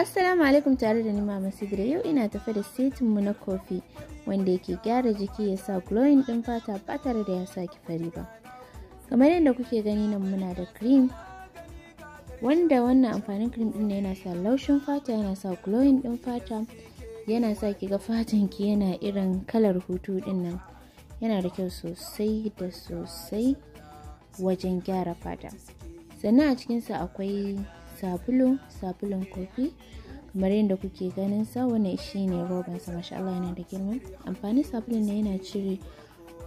Assalamu alaikum tare da ni Mama yau ina tafe da setin mu na kofi wanda yake gyara jiki ya sa glowing din fata ba tare da ya sa ki fari ba. Kamar yadda kuke gani nan muna da cream wanda wannan amfanin cream din yana sa laushin fata yana sa glowing din fata yana sa ki ga fatan ki yana irin kalar hutu din nan yana da kyau sosai da sosai wajen gyara fata. sannan a cikinsa akwai sabulu sabulun kofi kamar yadda kuke ganin sa wannan shine roban sa masha Allah yana da girma amfanin sabulun ne yana cire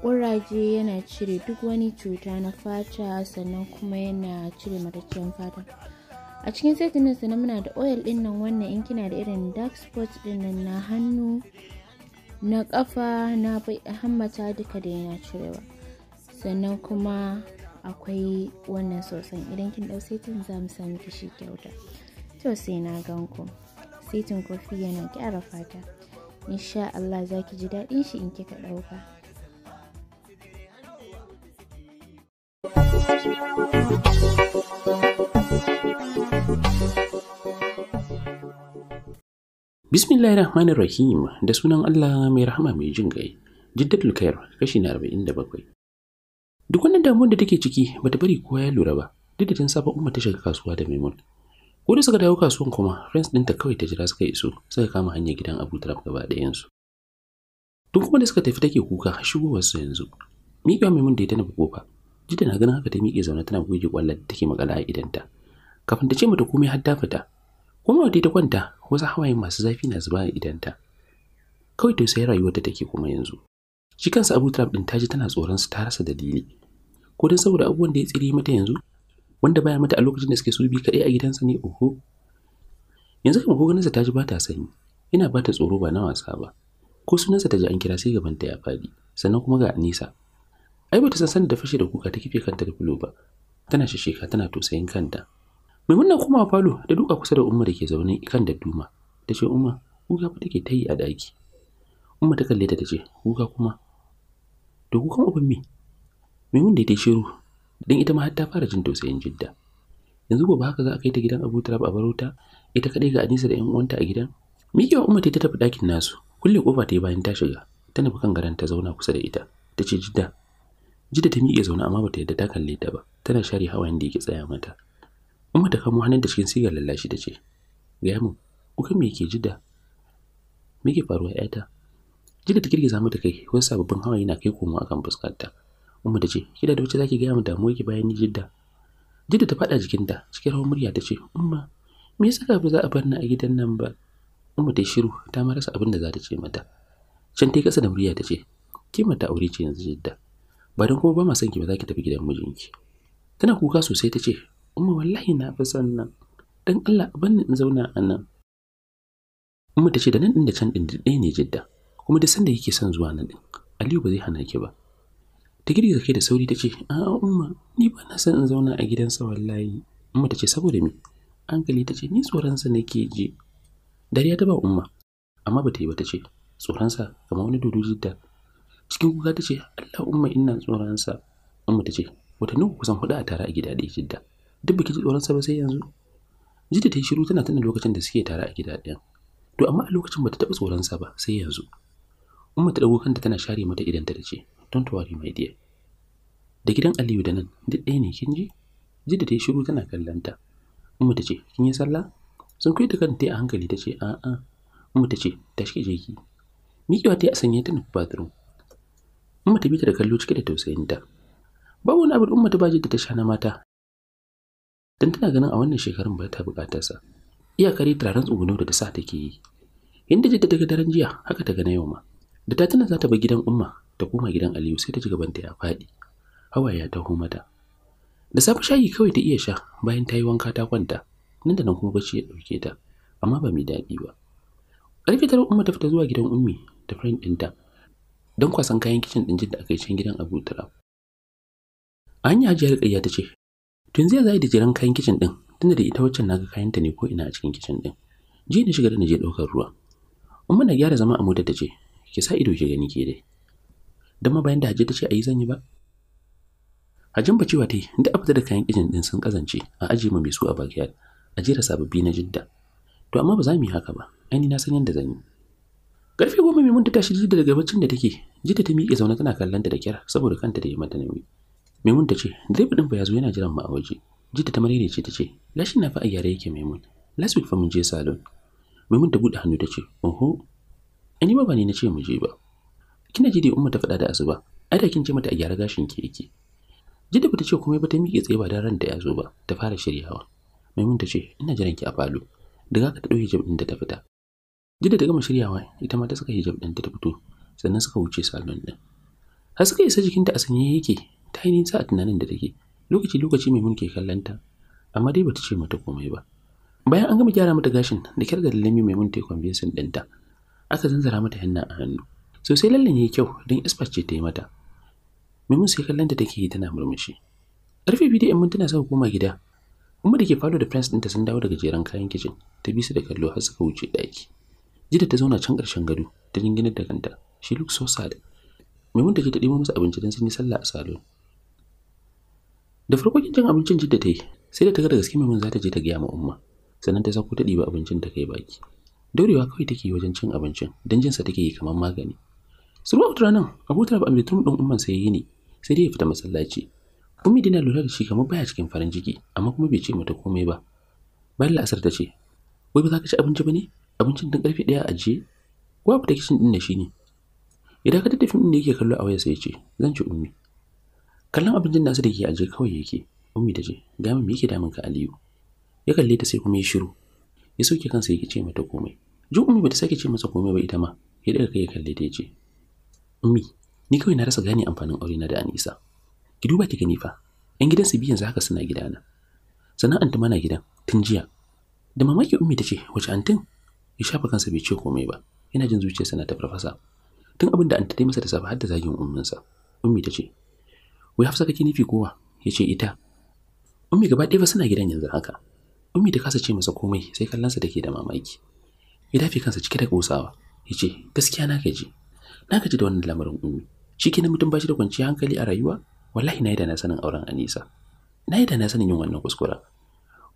ƙuraje yana cire duk wani cuta na fata sannan kuma yana cire matacciyar fata a cikin setin nan sannan muna da oil din nan wannan in kina da irin dark spots din nan na hannu na kafa na hammata duka da yana cirewa sannan kuma akwai wannan sosan idan kin ɗau setin za mu sami miki kyauta to sai na gan ku setin kofi yana kyara fata insha Allah za ki ji daɗin shi in kika ɗauka Bismillahi Rahmanir Rahim da sunan Allah mai rahama mai jin gai. Jiddatul kashi na 47. Duk wannan damuwar da take ciki bata bari kowa ya lura ba, duk da tun safa Umma ta shiga kasuwa da Maimun. Ko da suka dawo kasuwan kuma, friends ɗinta kawai ta jira suka iso, suka kama hanyar gidan Abu Turab gaba ɗayansu. Duk kuma da suka tafi take kuka shigowarsu yanzu. Miƙa Maimun da ya tana kofa, jida na ganin haka ta miƙe zaune tana goge ƙwallon da take makala a idanta. Kafin ta ce mata komai har ta fita, kuma wata ta kwanta wasu hawaye masu zafi na zuba a idanta. Kawai tausayar rayuwarta take kuma yanzu. shi kansa abu ɗin ta ji tana tsoron su ta rasa dalili ko dan saboda abubuwan da ya tsire mata yanzu wanda baya mata a lokacin da suke su bi kaɗai a gidansa ne oho yanzu kuma gogonarsa ta ji ba ta sanyi yana ba ta tsoro ba na wasa ba ko sunansa ta ji an kira sai gabanta ya faɗi sannan kuma ga nisa ai ta san sanin da fashe da kuka ta kife kanta da fulo ba tana shisheka tana tosayin kanta Mai wannan kuma falo da duka kusa da umma da ke zaune kan da duma ta ce umma kuka fa take ta yi a daki umma ta kalle ta ta kuka kuma to kukan mun me wanda da ta shiru don ita ma har ta fara jin tausayin jidda yanzu gobe haka za a kai ta gidan abu turab a baro ta ita kaɗai ga anisa da 'yan uwanta a gidan miƙewa umma ta tafi dakin nasu kulle ƙofa ta yi bayan ta shiga ta nufi kan garan ta zauna kusa da ita ta ce jidda jidda ta miƙe zaune amma bata yadda ta kalle ta ba tana share hawayen da yake tsaya mata umma ta kamo hannun da cikin sigar lallashi ta ce ga yamu kuka me yake jidda me yake faruwa 'yata Jida ta girgiza mata kai wani sababbin hawa yana kai komo akan fuskarta. Umma ta ce, ki da wacce zaki gaya mu damuwa ki bayan ni Jidda?" Jidda ta faɗa jikinta cikin rawar murya ta ce, "Umma, me yasa ka za a bar ni a gidan nan ba?" Umma ta shiru ta marasa rasa abin da za ta ce mata. Can ta kasa da murya ta ce, "Ki mata aure ce yanzu Jidda. Ba dan kuma ba ma san ki ba za ki tafi gidan mijinki." Tana kuka sosai ta ce, "Umma wallahi na fi son nan. Dan Allah ban in zauna a nan." Umma ta ce da nan din da can din ɗaya ne Jidda. kuma da sanda yake son zuwa nan din Aliyu ba zai hana ki ba ta girgiza kai da sauri tace ce a'a umma ni ba na son in zauna a gidansa wallahi umma ta ce saboda me hankali ta ce ni tsoronsa nake ji dariya ta ba umma amma ba ta yi ba ta ce tsoronsa kamar wani dodo jidda cikin kuka ta ce Allah umma ina tsoronsa umma ta ce watanni kusan hudu a tare a gida ɗaya jidda duk baki ji tsoronsa ba sai yanzu jidda ta yi shiru tana tana lokacin da suke tare a gida ɗaya to amma a lokacin ba ta taɓa sa ba sai yanzu Umma ta dago kanta tana share mata idan ta ce, "Don't worry mai diya Da gidan Aliyu da nan duk ɗaya ne kin ji? da ta yi shiru tana kallon ta. Umma ta ce, "Kin yi sallah?" Sun kai ta yi a hankali ta ce, "A'a." Umma ta ce, Ta "Tashi je ki." Miƙewa ta yi a sanye ta nufi bathroom. Umma ta bi ta da kallo cike da tausayinta. Babu wani abu da Umma ta ba da ta sha na mata. Dan tana ganin a wannan shekarun ba ta sa. Iyakar yi turaren tsuguno da ta sa take yi. Inda ji ta daga daren jiya, haka ta ga na yau ma. da ta tana za ta bar gidan umma ta koma gidan aliyu sai ta ji gabanta ya faɗi hawa ya taho mata da safe shayi kawai ta iya sha bayan ta yi wanka ta kwanta nan da nan kuma bacci ya dauke ta amma ba mai daɗi ba ƙarfe tara umma ta fita zuwa gidan ummi da friend ɗinta don kwasan kayan kicin ɗin da aka yi can gidan abu turab an yi hajiyar ƙayya ta ce tun zai zai da jiran kayan kicin ɗin tunda da ita waccan kayan kayanta ne ko ina a cikin kicin ɗin jiya na shiga da na je ɗaukar ruwa umma na gyara zama a motar ta ce ki sa ido ke gani ke dai dan ma bayan da Hajji ta ce ayi zan yi ba hajin ba cewa tai da afta da kayan kitchen din sun kazance a aje mu mai su a backyard a jira sababbi na Jidda to amma ba za mu yi haka ba ni na san yadda zan yi Karfe goma mai mun ta tashi Jidda daga baccin da take Jidda ta miƙe zaune tana kallon ta da kyar saboda kanta da yi mata nauyi mun ta ce, "Direba ɗin ba ya zo yana jiran mu a waje." Jidda ta marire ce ta ce, "Lashin na fa a yare yake Maimun. Last week fa mun je salon." mun ta buɗe hannu ta ce, "Oho, Ani ma ba ni na ce mu je ba. Kina ji da Umma ta fada da Asuba. Ai da kin ce mata a gyara gashin ki yake. Jidda bata ce komai ba ta miƙe tsaye ba dan ranta ya zo ba, ta fara shiryawa. Maimun ta ce, "Ina jiran ki a falo." Daga ka ta dauke hijab din da ta fita. Jidda ta gama shiryawa, ita ma ta saka hijab ɗin ta ta fito, sannan suka wuce salon din Har suka isa jikinta a sanye yake, ta yi nisa a tunanin da take. Lokaci-lokaci mai mun ke kallanta, amma dai bata ce mata komai ba. Bayan an gama gyara mata gashin, da kyar da lallami Maimun ta yi sun ɗinta, aka zanzara mata henna a hannu sosai lallan yayi kyau don isfar ce ta yi mata mimun sai kallon da take yi tana murmushi karfe biyu da yan mintuna saka koma gida kuma da ke falo da prince ɗinta sun dawo daga jeran kayan kicin ta bi su da kallo har suka wuce ɗaki jida ta zauna can ƙarshen gado ta jingina da kanta shi look so sad mimun da ke ta ɗebo masa abinci don sun yi sallah a salon da farko jan abincin jidda ta yi sai da ta ga da gaske mimun za ta je ta gaya ma umma sannan ta sako ta ɗiba abincin ta kai baki daurewa kawai take yi wajen cin abincin don jinsa take yi kamar magani surwa wata ranar abu ba amintrum ɗin umman sai yi ne sai dai ya fita masallaci ummi dina lura da shi kamar baya cikin farin ciki amma kuma bai ce mata komai ba bayan la'asar ta ce wai ba za ka ci abinci ba ne abincin tun karfe ɗaya a ajiye wa fita kicin ɗin da shi ne idan ka da fim ɗin da yake kallo a wayarsa ya ce zan ci ummi kallon abincin nasu da ke ajiye kawai yake ummi ta ce Gamin me yake damun ka aliyu ya kalle ta sai kuma ya shiru ya sauke kansa yake ce mata komai jin ummi bata sake ce masa komai ba ita ma ya daga kai ya kalle ta ce ummi ni kawai na rasa gane amfanin aure na da Anisa ki duba ki gani fa yan gidan su biyan haka suna gidana na. anta mana gidan tun jiya da mamaki ummi ta ce wace antin ya shafa kansa bai ce komai ba yana jin zuciyarsa na ta farfasa tun abin da anta ta masa da safe har da zagin umminsa ummi ta ce wai hafsa kake nufi kowa ya ce ita ummi gaba ɗaya ba suna gidan yanzu haka Ummi ta kasa ce masa komai sai kallonsa take da mamaki. Ya dafe kansa cike da kosawa. Ya ce, gaskiya na gaji. Na gaji da wannan lamarin Ummi. Shi ke mutum ba da kwanciyar hankali a rayuwa? Wallahi na yi da na sanin auren Anisa. Na yi da na sanin yin wannan kuskura.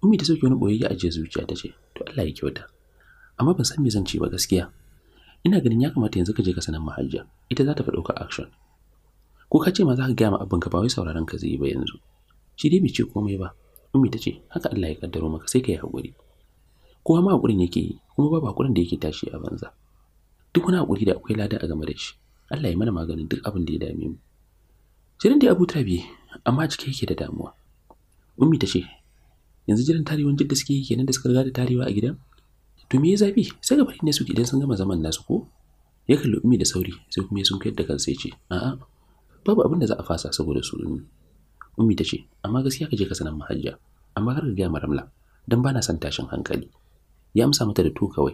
Ummi ta sauke wani boyayya a jiya zuciya ta ce, to Allah ya kyauta. Amma ban san me zan ce ba gaskiya. Ina ganin ya kamata yanzu ka je ka sanar mahajja. Ita za ta fi ɗaukar action. Ko ka ce ma za ka gaya ma abinka ba wai sauraron ka zai yi ba yanzu. Shi dai bai ce komai ba, ummi ta ce haka Allah ya kaddaro maka sai ka yi haƙuri kowa ma haƙurin yake yi kuma babu haƙurin da yake tashi a banza duk wani haƙuri da akwai lada a game da shi Allah ya mana maganin duk abin da ya dame mu jirin dai Abu biye amma cike yake da damuwa ummi ta ce yanzu jiran tarewan da suke yi kenan da suka riga da tarewa a gidan to me ya zafi sai ga bari ne su idan sun gama zaman nasu ko ya kalli ummi da sauri sai kuma ya sunkuyar da kansa ya ce a'a babu abin da za a fasa saboda su ummi ummi ta ce amma gaskiya ka je ka sanar mahajja amma har ga ma ramla dan bana son tashin hankali ya amsa mata da to kawai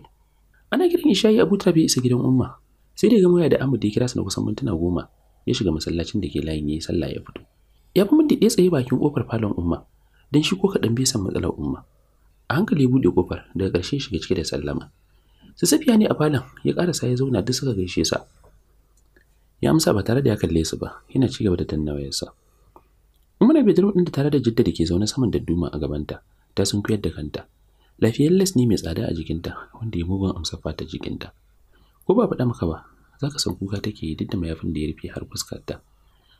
ana kiran ishayi abu bai isa gidan umma sai da gama da Ahmad da ya kira su na kusan mintuna goma ya shiga masallacin da ke layin ya sallah ya fito ya fi mintuna tsaye bakin kofar falon umma dan shi ko ka bai san matsalar umma a hankali ya kofar daga karshe shiga cike da sallama su safiya ne a falon ya sa ya zauna duk suka gaishe sa ya amsa ba tare da ya kalle su ba yana ci gaba da danna wayarsa Umar Bidar ɗin tare da Jidda da ke zaune saman dadduma a gabanta, ta sun kuyar da kanta. Lafiyar les ne mai tsada a jikinta wanda ya mugun amsa fata jikinta. Ko ba faɗa maka ba, za ka san kuka take yi duk da mayafin da ya rufe har fuskarta.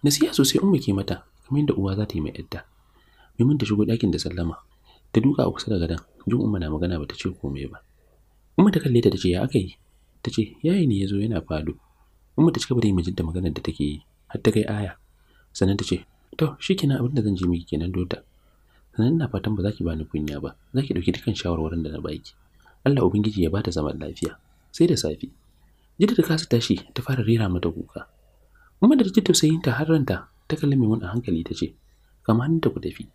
Nasiha sosai umma ke mata, kamar yadda uwa za ta yi mai yadda. Mimin ta shigo ɗakin da sallama, ta duka a kusa da gadon, jin umma na magana ba ta ce komai ba. Umma ta kalle ta ta ce ya aka yi? Ta ce yayi ne ya zo yana fado. Umma ta cika da yi jidda maganar da take yi har ta kai aya. Sannan ta ce To, shi kenan abin da zan je miki kenan dota. Sannan ina fatan ba za ki bani kunya ba, za ki ɗauki dukkan shawarwarin da na baki. Allah Ubangiji ya bata zaman lafiya. Sai da safe. Jidda ta kasa tashi ta fara rera mata kuka. Umma da ta sai tausayin ta har ranta ta kalli Maimun a hankali ta ce, "Kama hannun ta ku tafi."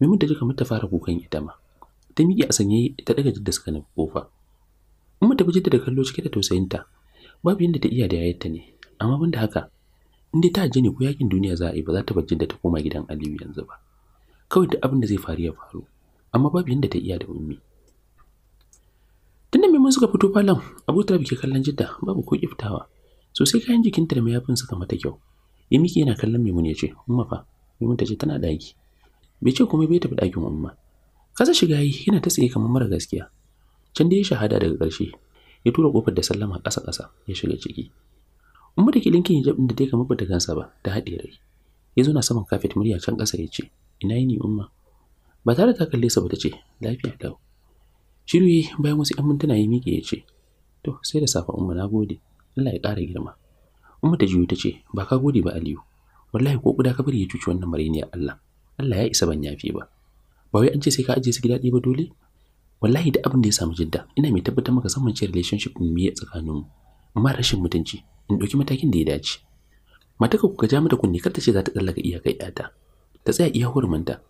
Maimun da ta kamar ta fara kukan ita ma. Ta miƙe a sanye ta daga jidda suka nufi kofa. Umma ta bi jidda da kallo cike da tausayinta. Babu yadda ta iya da yayarta ne, amma da haka in ta je ne ko yakin duniya za a yi ba za ta bar jidda ta koma gidan Aliyu yanzu ba kawai duk abin da zai faru ya faru amma babu yanda ta iya da ummi tunda mai suka fito falon Abu Talib ke kallon Jidda babu ko kiftawa sosai kayan jikinta da mayafin suka mata kyau ya miki yana kallon Maimun ya ce umma fa Maimun ta ce tana daki bai ce komai bai tafi dakin umma kasa shiga yi yana ta tsaye kamar mara gaskiya can da ya shahada daga ƙarshe ya tura kofar da sallama ƙasa-ƙasa ya shiga ciki Umma da ke linkin hijab ɗin da ta yi kamar bata gansa ba, ta haɗe rai. Ya zo na saman kafet murya can ƙasa ya ce, Ina yini umma? Ba tare ta kalle sa ba ta ce, Lafiya lau. Shiru yi bayan wasu ‘yan mintuna ya miƙe ya ce, To, sai da safa umma na gode, Allah ya ƙara girma. Umma ta juyo ta ce, Ba ka gode ba Aliyu, wallahi ko guda ka bari ya cuci wannan mariniyar Allah, Allah ya isa ban yafi ba. Ba wai an ce sai ka ajiye su gida ɗaya ba dole? Wallahi da abin da ya samu jidda, ina mai tabbatar maka saman ce relationship mu ya tsakaninmu, amma rashin mutunci in ɗauki matakin da ya dace mataka ku ja mata kunne kar ta ce za ta tsallaka iyakar yata ta tsaya iya huruminta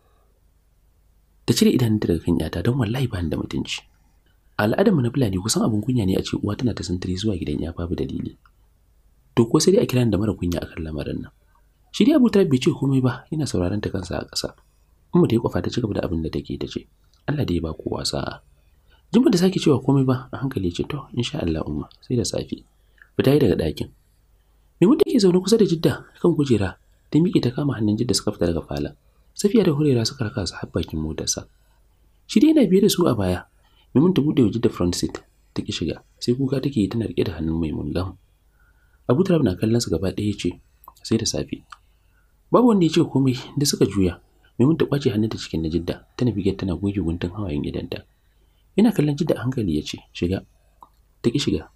ta cire ta daga kan yata don wallahi ba da mutunci a al'adar mu na fulani kusan abin kunya ne a ce uwa tana ta santare zuwa gidan ya babu dalili to ko sai dai a kira da mara kunya akan lamarin nan shi dai abu bai ce komai ba yana sauraron ta kansa a ƙasa in ta yi kwafa ta cigaba da abin da take ta ce Allah da ba kowa sa'a Jumba da sake cewa komai ba a hankali ce to insha Allah umma sai da safe fita daga ɗakin me wanda ke zaune kusa da Jidda kan kujera ta miƙe ta kama hannun Jidda suka fita daga falon. Safiya da Hurera suka raka su har bakin motarsa. Shi dai yana biye da su a baya. Mimun ta buɗe wa Jidda front seat ta ki shiga sai kuka take yi tana riƙe da hannun Maimun gam. Abu Turab na kallon su gaba ɗaya ce sai da safe. Babu wanda ya ce komai da suka juya. Maimun ta ƙwace hannunta cikin na Jidda tana nufi tana goge guntun hawayen idonta. Yana kallon Jidda a hankali ya ce shiga. Ta ki shiga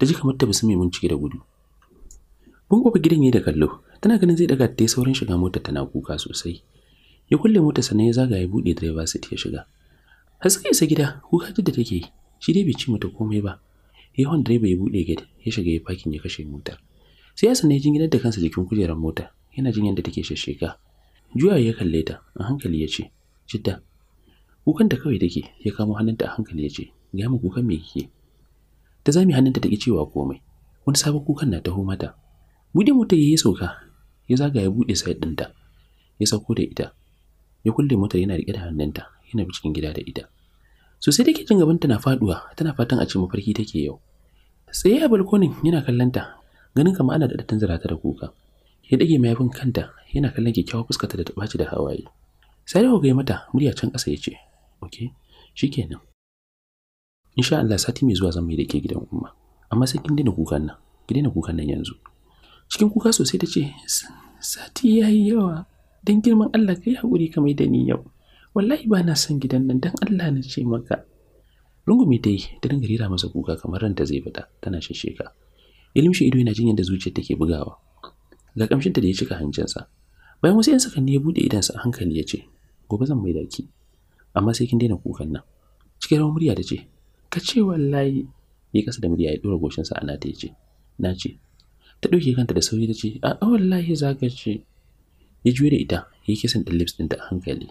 Da ji kamar ta mai bincike da gudu Mun kofa gidan yi da kallo tana ganin zai daga ta yi saurin shiga motar tana kuka sosai ya kulle mota sannan ya zaga ya buɗe direba seat ya shiga har isa gida kuka da take yi shi dai bai ci mata komai ba yawan direba ya buɗe gate ya shiga ya parking ya kashe motar sai ya sanne jin gidan da kansa jikin kujerar mota yana jin yadda take shesheka juya ya kalle ta a hankali ya ce jidda kukan da kawai take ya kamo hannunta a hankali ya ce ga mu kukan me kike ta zami hannunta ta ki cewa komai wani sabon kukan na taho mata bude mota yayi sauka ya zaga ya bude sayar ɗinta ya sauko da ita ya kulle mota yana riƙe da hannunta yana cikin gida da ita sosai take jin gaban na faduwa tana fatan a ce mafarki take yau tsaye a balkonin yana kallanta ganin kamar ana da ɗatan ta da kuka ya dage mayafin kanta yana kallon kyakkyawar fuskar ta da ta da hawaye sai da ya mata murya can kasa ya ce okay shikenan insha Allah sati mai zuwa zan mai da gidan umma amma sai kin daina kukan nan ki daina kukan nan yanzu cikin kuka sosai ta ce sati yayi yawa dan girman Allah kai hakuri kamar da ni yau wallahi ba na son gidan nan dan Allah na ce maka rungumi dai da dinga rira masa kuka kamar ranta zai fita tana shisheka ilimshi ido yana jin yadda zuciyar take bugawa ga kamshinta da ya cika hancinsa bayan wasu 'yan sakanni ya buɗe idansa a hankali ya ce gobe zan mai daki amma sai kin daina kukan nan cikin rawar murya ta ce ka ce wallahi ya kasa da murya ya ɗora goshinsa a nata ya ce na ce ta ɗauke kanta da sauri ta ce a wallahi za ka ce ya juyo da ita ya yi kisan ɗin lips ɗinta a hankali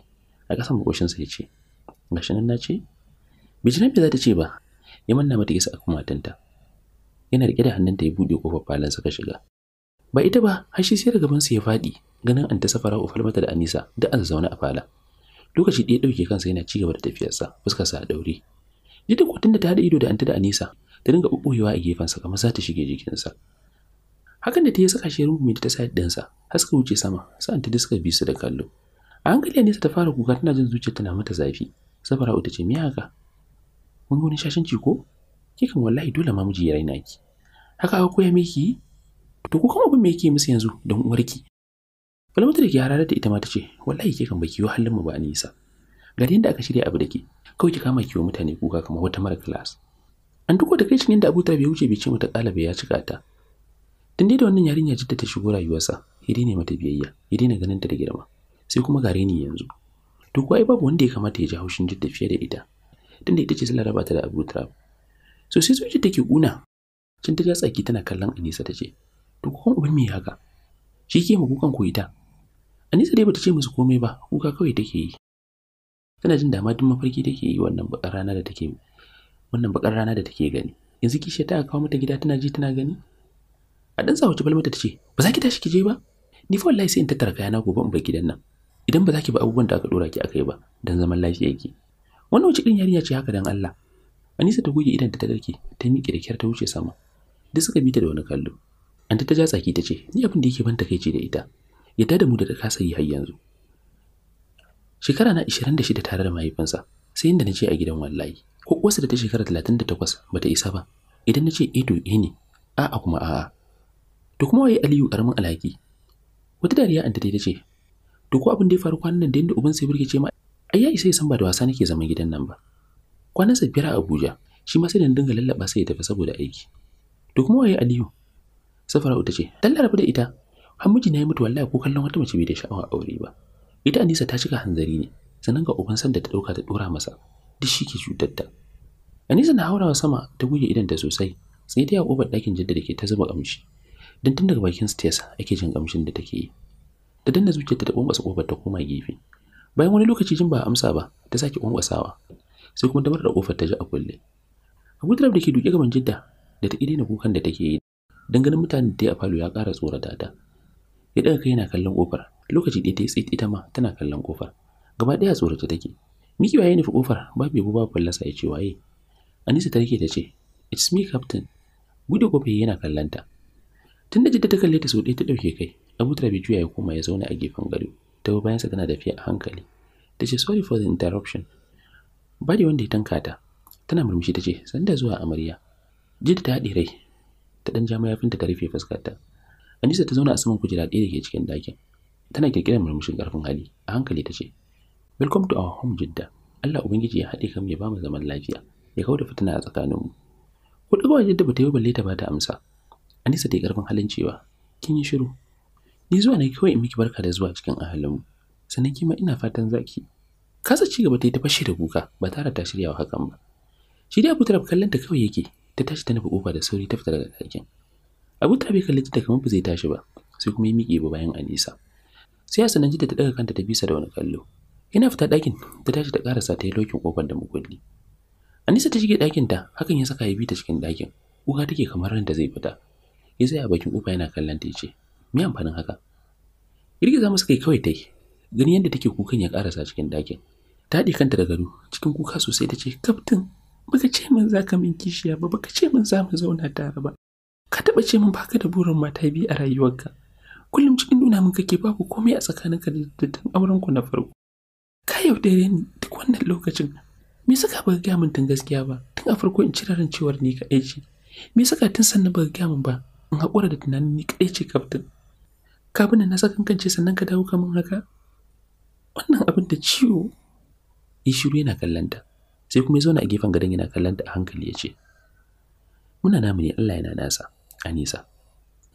a ƙasan sa ya ce gashi nan na ce bijinan bai za ta ce ba ya manna mata kisa a tanta yana riƙe da hannunta ya buɗe ƙofar falon ka shiga ba ita ba har shi sai da gabansa ya faɗi ganin an ta safara ufar mata da anisa da an zaune a fala lokaci ɗaya ɗauke kansa yana cigaba da tafiyarsa fuskarsa a ɗaure Jida da kwatin ta haɗa ido da anta da Anisa, ta dinga ɓuɓɓuyewa a gefen sa kamar za ta shige jikinsa. Hakan da ta yi saka shi rungume ta sa ɗinsa, har suka wuce sama, sa'an ta diska bi su da kallo. A hankali Anisa ta fara kuka tana jin zuciya tana mata zafi. safara ta ce, miya haka? Mun wani ci ko? Kikan wallahi dole ma miji ya raina ki." Haka aka koya miki? To ko kuma abin me yake musu yanzu don uwarki? Falmata da ke hararar da ita ma ta ce, "Wallahi ke kan baki halin mu ba Anisa." ga yadda aka shirya abu da ke kawai ki kama kiwo mutane kuka kamar wata mara class an duko da kai cin yadda abuta bai wuce bai ce mata kalabe ya cika ta tun da wannan yarinya jidda ta shigo rayuwarsa ya ne mata biyayya ya daina ganin ta da girma sai kuma gare ni yanzu to kuwa babu wanda ya kamata ya ji haushin jidda fiye da ita tunda ita ce sallar raba da Abu Turab so sai zuciya take kuna cin ta tsaki tana kallon Anisa ta ce to kun ubin me haka shi ke mu kukan ku ita Anisa dai bata ce musu komai ba kuka kawai take yi tana jin dama duk mafarki take yi wannan bakar rana da take wannan bakar rana da take gani yanzu kishi ta kawo mata gida tana ji tana gani a dan sa wace balmata tace ba za ki tashi ki je ba ni fa wallahi sai in tattara kayana gobe in bar gidan nan idan ba za ki ba abubuwan da aka dora ki akai ba dan zaman lafiya ki wannan wace irin yarinya ce haka dan Allah Anisa ta goge idan ta darke ta miƙe da kyar ta wuce sama duk suka bi ta da wani kallo Anta ta ja tsaki ta ce, Ni abin da yake ban takaici da ita, yadda da mu da ta kasa yi har yanzu. shekara na 26 tare da mahaifinsa sai inda na a gidan wallahi ko wasu da ta shekara 38 ta isa ba idan na ce ido eh, eh ne a'a kuma a'a to kuma waye Aliyu karamin alhaki wata dariya anta ta ce to ko abin da ya faru kwanan nan da inda uban sai burge ce ma ai ya isa ya san ba da wasa nake zaman gidan nan ba kwanan sa biyar a Abuja shi ma sai da dinga lallaba sai ya tafi saboda aiki to kuma waye Aliyu Safara'u ta ce dan larabu da ita har miji na yi mutu wallahi ko kallon wata mace bai da sha'awa aure ba ita Anisa ta cika hanzari ne sannan ga uban sanda ta dauka ta dora masa duk shi ke cutar Anisa na haurawa sama ta guje idan da sosai sai ta yabo bar dakin jidda dake ta zuba kamshi dan tun daga bakin stairs ake jin kamshin da take yi ta danna zuciyarta ta kwankwasa kofar ta koma gefe bayan wani lokaci jin ba amsa ba ta sake kwankwasawa sai kuma ta da kofar ta ji a kulle Abu Turab da ke duke gaban Jidda da ta daina kukan da take yi dan ganin mutanen da ya falo ya ƙara tsorata ta ya daga kai yana kallon kofar lokaci ɗaya ta yi tsit ita ma tana kallon kofar gaba ɗaya tsorata take miki waye nufi kofar babu yabo babu fallasa ya ce waye anisa ta rike ta ce it's me captain gudu kofe yana kallon ta tun da jidda ta kalle ta sau ɗaya ta ɗauke kai abu bai juya ya koma ya zauna a gefen gado ta bi bayansa tana tafiya a hankali ta ce sorry for the interruption Ba da wanda ya tanka ta tana murmushi ta ce sanda zuwa amarya jidda ta haɗe rai ta ɗan ja mayafinta ta rufe ta Anisa ta zauna a saman kujera ɗaya da ke cikin ɗakin. Tana ƙirƙirar murmushin ƙarfin hali, a hankali ta ce, Welcome to our home Jidda. Allah Ubangiji ya haɗe kan ya ba mu zaman lafiya, ya kawo da fitina a tsakaninmu. Ku ɗaga Jidda ba ta yi balle ta ba ta amsa. Anisa ta yi ƙarfin halin cewa, Kin yi shiru. Ni zuwa ne kawai in miki barka da zuwa cikin ahalinmu. Sannan kima ina fatan zaki. Kasa ci gaba ta yi ta fashe da kuka ba tare ta shirya wa hakan ba. Shi dai Abu kallon ta kawai yake, ta tashi ta nufi ƙofa da sauri ta fita daga ɗakin. abu ta bai kalli ta kamar ba zai tashi ba sai kuma ya miƙe ba bayan anisa sai a sananci da ta ɗaga kanta ta bisa da wani kallo Ina fita ɗakin ta tashi ta ƙarasa ta yi lokin ƙofar da mukulli anisa ta shige ɗakin ta hakan ya saka ya bi ta cikin ɗakin kuka take kamar ranta zai fita ya tsaya a bakin ƙofa yana kallon ta ya ce me amfanin haka za mu saka kai kawai ta yi gani yadda take kukan ya ƙarasa cikin ɗakin ta haɗe kanta da gado cikin kuka sosai ta ce kaftin baka ce min za ka min kishiya ba baka ce min za mu zauna tare ba ka taɓa ce min baka da burin mata biyu a rayuwarka kullum cikin nuna min kake babu komai a tsakaninka da dattin aurenku na farko ka yaudare ni duk wannan lokacin me saka baka gaya min tun gaskiya ba tun a farko in ci ran cewar ni kaɗai ce me saka tun sannan baka gaya min ba in haƙura da tunanin ni kaɗai ce kaftin ka bani na sakan kance sannan ka dawo min haka wannan abin da ciwo ya shiru yana kallonta, sai kuma ya zauna a gefen gadon yana kallanta a hankali ya ce muna namu ne Allah yana nasa nisa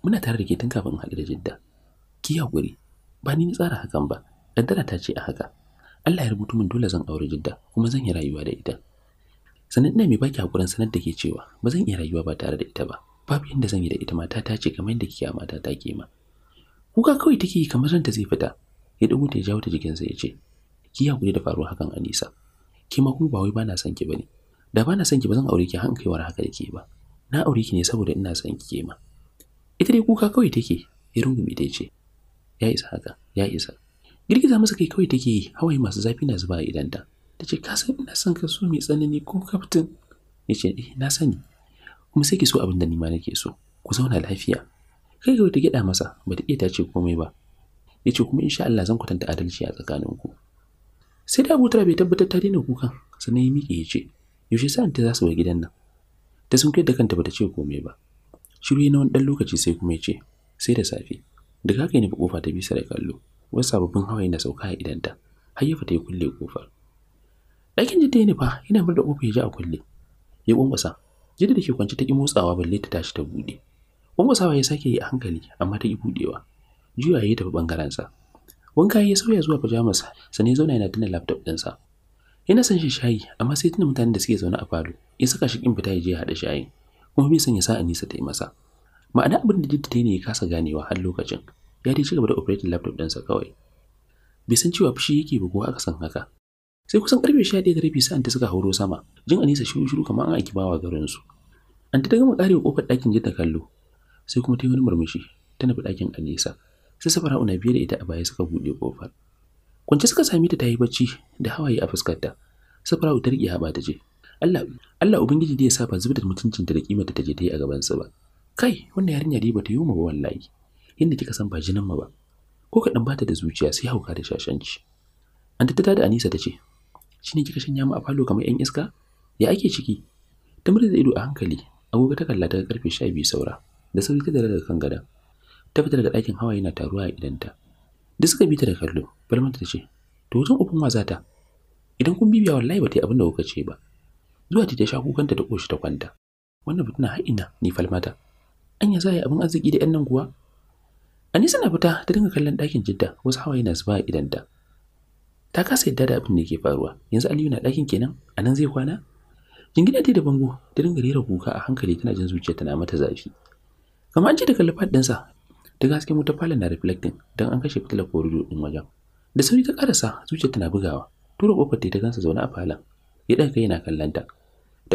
muna tare da ke tun kafin haɗu da jidda ki haƙuri ba ni tsara hakan ba daddara ta ce a haka Allah ya rubuta min dole zan aure jidda kuma zan yi rayuwa da ita sanin ina mai baki hakurin sanar da ke cewa ba zan iya rayuwa ba tare da ita ba babu yadda zan yi da ita mata ta ce kamar yadda kike mata ta ke ma kuka kawai take yi kamar ranta zai fita ya dago ta jawo ta jikinsa ya ce ki haƙuri da faruwa hakan a nisa ki ma kuma ba wai bana son ki ba ne da bana son ki ba zan aure ki hankaiwar haka da ke ba na aure ki ne saboda ina son ki kema ita dai kuka kawai take ya rungume ta ce ya isa haka ya isa girgiza masa kai kawai take yi hawaye masu zafi na zuba a idanta ta ce ka san ina son ka so mai tsanani ko kaftin ya ce eh na sani kuma sai ki so abin da ni ma nake so ku zauna lafiya kai ga ta gyada masa ba ta iya tace komai ba ya ce kuma insha Allah zan kwatanta adalci a tsakaninku sai da abu tara bai tabbatar ta daina kukan sannan ya miƙe ya ce yaushe sa'an ta za su bar gidan nan ta sunkar da kanta bata ce komai ba shiru na wani dan lokaci sai kuma ya ce sai da safe da kake ya nufi kofa ta bisa da kallo wasu sababbin hawaye na sauka a idanta har ya fita ya kulle kofar ɗakin jidda ya nufa yana da kofar ya ji a kulle ya ƙwanƙwasa, jidda da ke kwance ta ki motsawa balle ta tashi ta buɗe Ƙwanƙwasawa ya sake yi a hankali amma ta ki buɗewa juya ya tafi ɓangarensa wanka ya sauya zuwa pajamas ne zauna yana tuna laptop ɗinsa yana son shi shayi amma sai tuna mutanen da suke zaune a falo ya saka shi kin fita ya je haɗa shayin kuma bai son ya sa Anisa ta yi masa ma'ana abin da jidda ta yi ne ya kasa ganewa har lokacin ya dai cigaba da operating laptop ɗinsa kawai bai san cewa fushi yake buguwa aka san haka sai kusan karfe 11 da rabi sa'an ta suka hauro sama jin Anisa shiru shiru kamar an aiki bawa garin su an ta gama karewa kofar ɗakin jidda kallo sai kuma ta yi wani murmushi ta nufi ɗakin Anisa sai safara na biye da ita a baya suka buɗe kofar Kwanci suka sami ta ta yi bacci da hawaye a fuskarta. Safarau ta ya haɓa ta je. Allah ubangiji da ya sa ba mutuncin mutuncinta da kimanta ta je ta yi a su ba. Kai wannan yarinya dai bata yi mu ba wallahi. Yadda kika san ba jinin mu ba. Ko ka dan bata da zuciya sai hauka da shashanci. Anta ta tada Anisa ta ce, "Shine kika shanya mu a falo kamar 'yan iska? Ya ake ciki?" Ta murza ido a hankali, agogo ta kalla ta karfe 12 saura, da sauri ta dare daga kan gada. Ta fita daga ɗakin hawa yana taruwa a idanta. duk suka bi ta da kallo Falmata ta ce to wajen uban waza ta idan kun bibiya wallahi ba ta yi abin da kuka ce ba zuwa ta ta sha kukanta ta koshi ta kwanta wannan fitina har ina ni falmata anya za a yi abin arziki da yan nan kuwa ani na fita ta dinga kallon ɗakin jidda wasu hawaye na zuba a idanta ta kasa yadda da abin da ke faruwa yanzu aliyu na ɗakin kenan a nan zai kwana jingina ta da bango ta dinga rera kuka a hankali tana jin zuciya tana mata zafi kamar an ce da kalli faɗinsa da hasken wutar falon na reflecting don an kashe fitilar korido din wajen da sauri ta karasa zuciyarta tana bugawa tura kofar ta sa zaune a falon ya dan kai yana kallon ta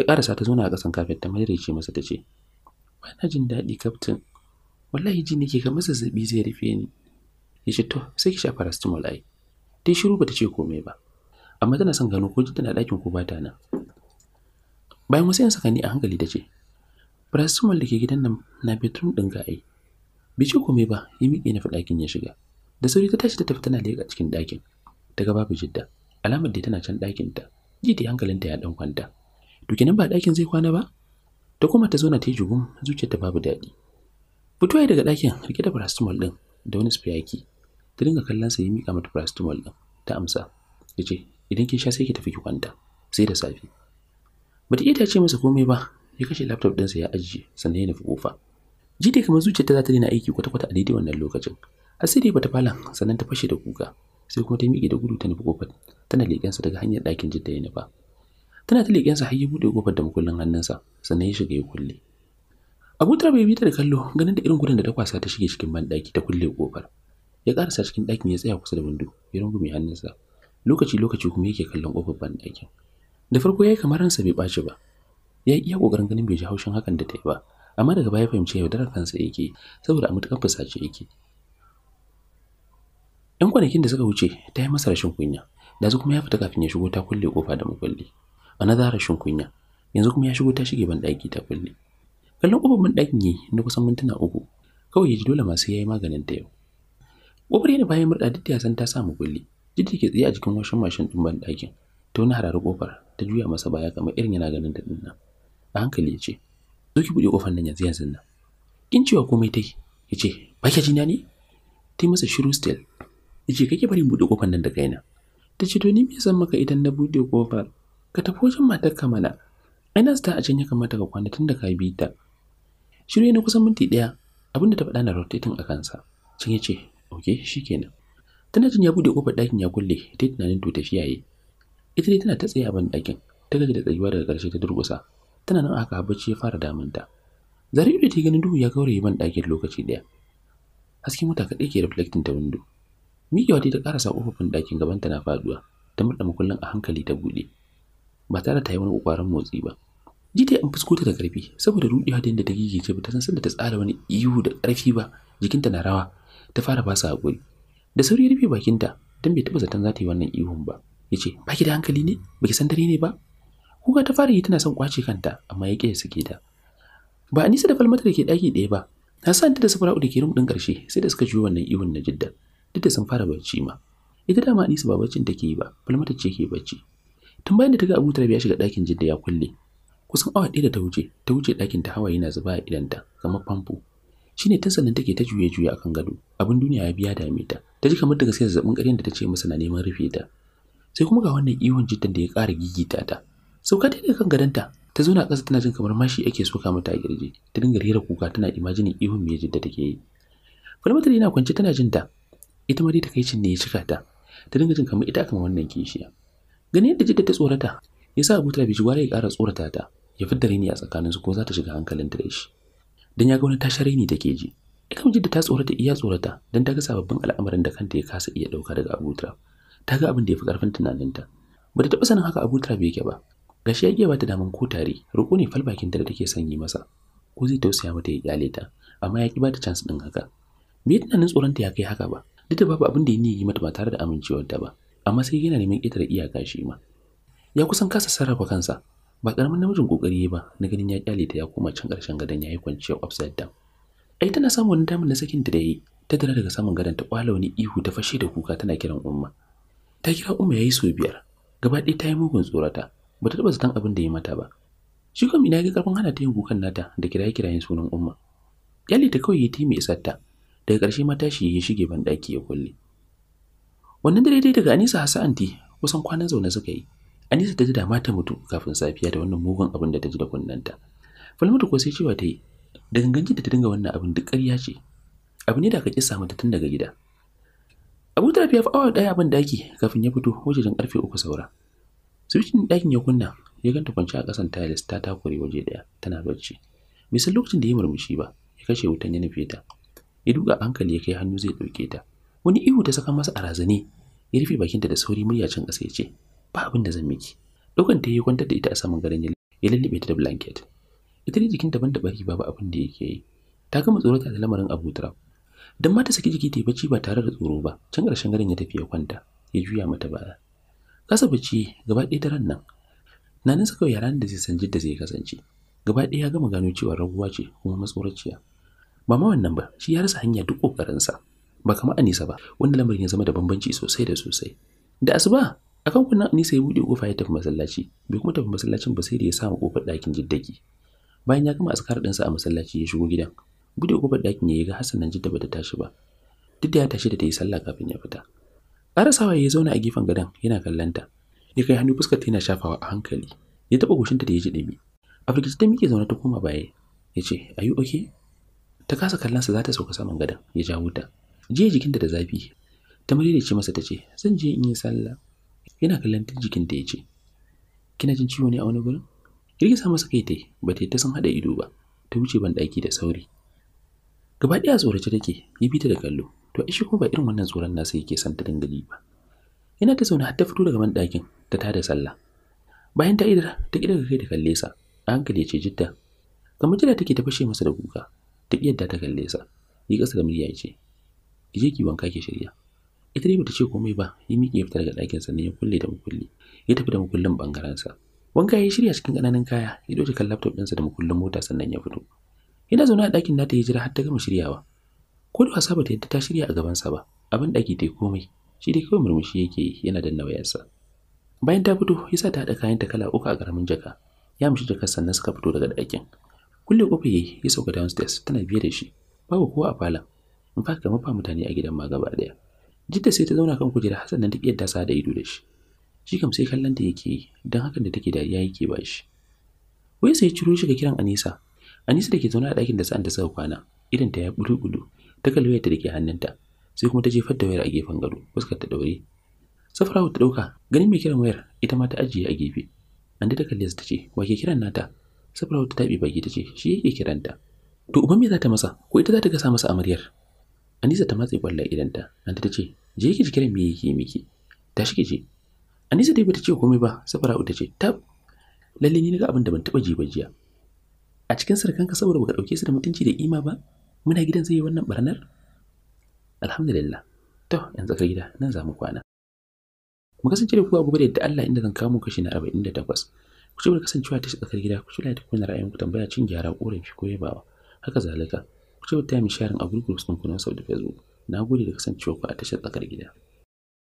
karasa ta zauna a ƙasan kafin ta ce masa ta ce ba na jin daɗi kaftin wallahi ji nake kamar zazzabi zai rufe ni ya ce to sai ki sha paracetamol ai ta shiru bata ce komai ba amma tana son gano ko tana ɗakin ko bata nan bayan wasu yan sakani a hankali ta ce paracetamol da ke gidan nan na bedroom ɗin ga ai bai ce komai ba ya miƙe na ɗakin ya shiga da sauri ta tashi ta tafi tana leƙa cikin ɗakin ta ga babu jidda alamar da tana can ɗakin ta ji ta hankalinta ya ɗan kwanta to kenan ba ɗakin zai kwana ba ta kuma ta zauna ta yi jugum ta babu daɗi fitowa daga ɗakin rike da paracetamol ɗin da wani spiyaki ta dinga kallon sa ya miƙa mata paracetamol ɗin ta amsa ya ce idan kin sha sai ki tafi ki kwanta sai da safe bata iya ta ce masa komai ba ya kashe laptop ɗinsa ya ajiye sannan ya nufi kofa ji dai kamar zuciyarta za ta daina aiki kwata-kwata a daidai wannan lokacin har sai dai bata falon, sannan ta fashe da kuka sai kuma ta miƙe da gudu ta nufi kofar tana leƙensa daga hanyar ɗakin jidda ya nufa tana ta leƙensa har ya buɗe kofar da makullin hannunsa sannan ya shiga ya kulle abutar bai bita da kallo ganin da irin gudun da ta kwasa ta shige cikin banɗaki ta kulle kofar ya ƙarasa cikin ɗakin ya tsaya kusa da windo ya rungume hannunsa lokaci lokaci kuma yake kallon kofar banɗakin da farko ya kamar ransa bai ɓaci ba ya yi iya ƙoƙarin ganin bai ji haushin hakan da ta yi ba amma daga baya fahimci yaudarar kansa yake saboda a matuƙar fusace yake yan kwanakin da suka wuce ta yi masa rashin kunya da kuma ya fita kafin ya shigo ta kulle kofa da mukulli na za rashin kunya yanzu kuma ya shigo ta shige ban daki ta kulle kallon kofar mun ɗakin yi na kusan mintuna uku kawai ya ji dole masu ya yi maganin ta yau kofar yana bayan murɗa duk ya san ta sa mukulli duk ke tsaye a jikin washin mashin ɗin ban ɗakin ta wani hararar kofar ta juya masa baya kamar irin yana ganin ta ɗin nan a hankali ya ce zo ki buɗe ƙofar nan yanzu yanzu nan kin cewa komai tai ya ce ba ki jina ne ta yi masa shiru still ya ce kake bari buɗe ƙofar nan da kaina ta ce to ni me san maka idan na buɗe ƙofar ka tafi wajen ka mana ai ta a can ya kamata ka kwana tun da ka bi ta shiru na kusan minti ɗaya abinda ta faɗa na rotating a kansa can ya ce ok shikenan tana jin ya buɗe ƙofar ɗakin ya kulle ta yi tunanin to tafiya yi ita dai tana ta tsaye a ban ɗakin ta gaji da tsayuwa daga ƙarshe ta durƙusa tana nan aka bacci ya fara damunta zariru da ta ganin duhu ya gauraye ban ɗakin lokaci ɗaya hasken wata kaɗai ke reflecting ta windo miƙewa ta ƙarasa ƙofofin ɗakin ta na faɗuwa ta murɗa makullin a hankali ta buɗe ba tare ta yi wani ƙoƙarin motsi ba ji ta yi an fuskota da ƙarfi saboda ruɗewa da yadda ta ce ba ta san sanda ta tsara wani ihu da ƙarfi ba jikinta na rawa ta fara ba su haƙuri da sauri ya rufe bakinta don bai taɓa zaton za ta yi wannan ihun ba ya ce ba ki da hankali ne ba ki san dare ne ba kuka ta fara yi tana son kwace kanta amma ya ƙi ke da. ba a nisa da falmata da ke ɗaki ɗaya ba Hassan ta da Safara'u da ke rumɗin ƙarshe sai da suka juyo wannan ihun na jidda duk da sun fara bacci ma ita dama Anisa ba baccin ke yi ba falmata ce ke bacci tun bayan da ta ga Abu Tarab ya shiga ɗakin jidda ya kulle kusan awa ɗaya da ta wuce ta wuce ɗakin ta hawa yana zuba a idanta kamar famfo ne ta sannan take ta juye juye akan gado abin duniya ya biya dame ta ta ji kamar da gaske zazzabin ƙaryan da ta ce masa na neman rufe ta sai kuma ga wannan ihun jiddan da ya ƙara gigita ta sauka daidai kan gadonta ta zauna ƙasa tana jin kamar mashi ake soka mata a ƙirji. ta dinga rera kuka tana imajinin ihun mai jidda take yi falmatar yana kwance tana jin ta ita ma dai ta kai cin ne ya cika ta ta dinga jin kamar ita akan wannan kishiya ganin yadda jidda ta tsorata ya sa abu tarabi gwara ya ƙara tsorata ta ya fidda raini a tsakanin su ko za ta shiga ta da shi dan ya ga wani tashar raini take ji Ikam jidda ta tsorata iya tsorata dan ta ga sababbin al'amarin da kanta ya kasa iya ɗauka daga abu Ta ga abin da ya fi ƙarfin tunaninta. Ba ta taɓa sanin haka Abutra bai yake ba, gashi ya ba bata damun ko tare roƙo ne falbakin da take son yi masa ko zai tausaya mata ya kyale ta amma ya ki bata chance din haka bai tunanin tsoron ta ya kai haka ba duk da babu abin da ya yi mata ba tare da amincewar ta ba amma sai yana neman ƙetare iyaka shi ma ya kusan kasa sarrafa kansa ba karamin namijin kokari ba na ganin ya kyale ta ya koma can karshen gadon ya yi kwanciya upside down ai tana samun wani damin da sakin da yi, ta dare daga saman gadon ta kwala wani ihu ta fashe da kuka tana kiran umma ta kira umma yayi so biyar gaba ɗaya ta yi mugun tsorata ba ta taɓa zaton abin da ya mata ba shi kuma ina ga karfin hana ta yin kukan nata da kiraye kirayen sunan umma yali ta kawai yi mai isar daga ƙarshe tashi ya shige ban ɗaki ya kulle wannan dare dai daga anisa hasa anti kusan kwanan zaune suka yi anisa ta ji da mata mutu kafin safiya da wannan mugun abin da ta ji da kunnanta ta ko sai cewa ta yi da ganganci da ta dinga wannan abin duk ƙarya ce abu ne da aka kisa mata tun daga gida Abu Taraf ya fi awa ɗaya abin daki kafin ya fito wajejen karfe uku saura. Sarkin ɗakin ya kunna, ya ganta kwance a ƙasan tiles ta takure waje ɗaya, tana barci. Bai san lokacin da ya murmushi ba, ya kashe wutan ya nufe ta. Ya duka hankali ya kai hannu zai ɗauke ta. Wani ihu ta saka masa a razane, ya rufe bakinta da sauri murya can ƙasa ya ce, ba abin da zan miki. Ɗaukan ta ya kwantar da ita a saman gadon ya lallaɓe ta da blanket. Ita ne jikinta ban da bari babu abin da ya ke yi. Ta gama tsorata da lamarin Abu Dan ma ta saki jiki ta yi bacci ba tare da tsoro ba, can ƙarshen gadon ya tafi ya kwanta, ya juya mata baya. Kasa ce, gaba ɗaya daren nan. Nanin kawai yaran da zai san jidda zai kasance. Gaba ɗaya ya gama gano cewa raguwa ce kuma matsoraciya. Ba ma wannan ba, shi ya rasa hanya duk ƙoƙarinsa. Ba kama Anisa ba, wanda lamarin ya zama da bambanci sosai da sosai. Da asuba, akan kunna Anisa ya buɗe kofa ya tafi masallaci, bai kuma tafi masallacin ba sai da ya samu kofar ɗakin jiddaki. Bayan ya gama askar ɗinsa a masallaci ya shigo gidan, buɗe ƙofar ɗakin ya yi ga Hassan nan jidda bata tashi ba. Duk da ya tashi da ta yi sallah kafin ya fita. Ƙarasawa ya zauna a gefen gadon yana kallon ta Ya kai hannu fuskar ta shafawa a hankali. Ya taɓa goshinta da ya ji ɗumi. A firgici ta miƙe zaune ta koma baya. Ya ce, "A yi okay?" Ta kasa kallon sa za ta sauka saman gadon ya ja wuta Jiya jikinta da zafi. Ta ce masa ta ce, "Zan je in yi sallah." Yana kallon jikinta ya ce, "Kina jin ciwo ne a wani gurin?" sa masa kai tai, ba ta ta sun haɗa ido ba. Ta wuce ban ɗaki da sauri. gaba ɗaya tsorace take ya bi ta da kallo to a ishe kuma ba irin wannan tsoron nasa yake son ta dangali ba yana ta zaune har ta fito daga man ɗakin ta tada sallah bayan ta idar ta ƙi kai da kalle sa a hankali ya ce jidda kamar jira take ta fashe masa da kuka ta ƙi yadda ta kalle sa yi ƙasa da murya ya ce je ki wanka ke shirya ita dai bata ce komai ba ya miƙe ya fita daga ɗakin sannan ya kulle da mukulli ya tafi da mukullin ɓangaren sa wanka ya shirya cikin ƙananan kaya ya ɗauki kan laptop ɗinsa da mukullin mota sannan ya fito Yana zaune a ɗakin nata ya jira har ta gama shiryawa. Ko da wasa ta yadda ta shirya a gaban sa ba, abin ɗaki ta yi komai, shi dai kawai murmushi yake yi yana danna wayarsa. Bayan ta fito, ya sa ta haɗa ta kala uku a ƙaramin jaka, ya mishi jakar sannan suka fito daga ɗakin. Kulle ƙofa yi, ya sauka downstairs tana biye da shi, babu kowa a falon, in fa kamar mafa mutane a gidan ma gaba ɗaya. Jidda sai ta zauna kan kujera Hassan sannan ta ƙi yadda sa da ido da shi. Shi kam sai kallon ta yake yi, don hakan da take dariya yake ba shi. Wai sai ciro shi ga kiran Anisa, Anisa da ke zaune a ɗakin da sa'an ta saka kwana, idan ta ya bulu-bulu, ta kalli wayar ta da ke hannunta, sai kuma ta jefar da wayar a gefen gado, fuskar ta ɗaure. Safarawa ta ɗauka, ganin mai kiran wayar, ita ma ta ajiye a gefe. Andi ta kalli ta ce, wa ke kiran nata? Safarawa ta taɓe baki ta ce, shi yake kiranta. To uban me za ta masa? Ko ita za ta gasa masa amaryar? Anisa ta matse kwalla idanta. an ta ce, "Je yake jikiran me yake miki?" Ta shige je. Anisa dai bata ce komai ba, Safara'u ta ce, "Tab, lalle ni naga abin da ban taba ji ba jiya." a cikin sarkanka saboda baka dauke su da mutunci da ima ba muna gidan zai yi wannan barnar alhamdulillah to yanzu ka gida nan za mu kwana mu kasance da ku a gobe da yadda Allah inda zan kawo kashi na 48 ku ci kasancewa ta tsakar gida ku shirya ta na ra'ayin ku tambaya cin gyara shi ko yabawa haka zalika ku ci ta mi sharing a group sun kuna sau da Facebook na gode da kasancewa ku a tashar tsakar gida